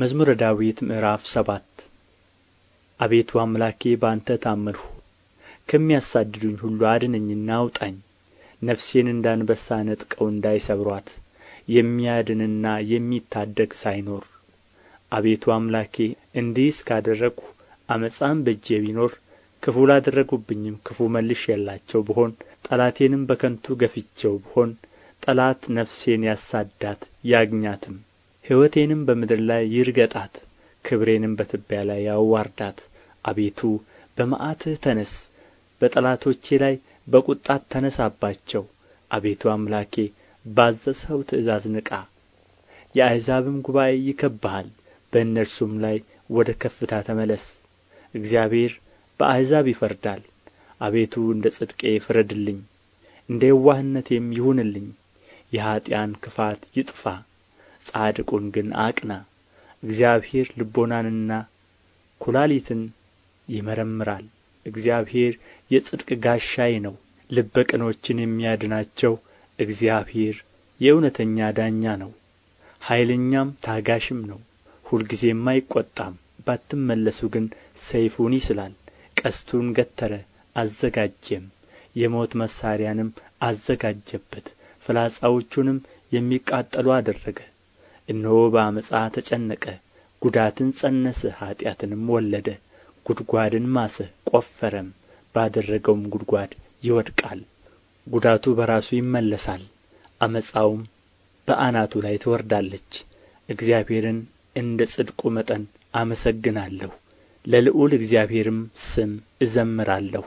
መዝሙረ ዳዊት ምዕራፍ ሰባት አቤቱ አምላኬ በአንተ ታመንሁ፣ ከሚያሳድዱኝ ሁሉ አድነኝና አውጣኝ። ነፍሴን እንዳንበሳ ነጥቀው እንዳይሰብሯት፣ የሚያድንና የሚታደግ ሳይኖር። አቤቱ አምላኬ እንዲህስ ካደረኩ ዓመፃም በእጄ ቢኖር፣ ክፉ ላደረጉብኝም ክፉ የላቸው ብሆን፣ ጠላቴንም በከንቱ ገፍቼው ብሆን፣ ጠላት ነፍሴን ያሳዳት ያግኛትም ሕይወቴንም በምድር ላይ ይርገጣት ክብሬንም በትቢያ ላይ ያዋርዳት አቤቱ በመዓትህ ተነስ በጠላቶቼ ላይ በቁጣት ተነሳባቸው። አቤቱ አምላኬ ባዘዝኸው ትእዛዝ ንቃ የአሕዛብም ጉባኤ ይከብሃል፣ በእነርሱም ላይ ወደ ከፍታ ተመለስ እግዚአብሔር በአሕዛብ ይፈርዳል አቤቱ እንደ ጽድቄ ፍረድልኝ እንደ የዋህነቴም ይሁንልኝ የኀጢአን ክፋት ይጥፋ ጻድቁን ግን አቅና እግዚአብሔር ልቦናንና ኵላሊትን ይመረምራል እግዚአብሔር የጽድቅ ጋሻዬ ነው ልበ ቅኖችን የሚያድናቸው እግዚአብሔር የእውነተኛ ዳኛ ነው ኃይለኛም ታጋሽም ነው ሁልጊዜም አይቈጣም ባትመለሱ ግን ሰይፉን ይስላል ቀስቱን ገተረ አዘጋጀም የሞት መሣሪያንም አዘጋጀበት ፍላጻዎቹንም የሚቃጠሉ አደረገ እነሆ በዓመፃ ተጨነቀ ጉዳትን ፀነሰ ኃጢአትንም ወለደ ጉድጓድን ማሰ ቈፈረም ባደረገውም ጉድጓድ ይወድቃል ጉዳቱ በራሱ ይመለሳል ዓመፃውም በአናቱ ላይ ትወርዳለች እግዚአብሔርን እንደ ጽድቁ መጠን አመሰግናለሁ ለልዑል እግዚአብሔርም ስም እዘምራለሁ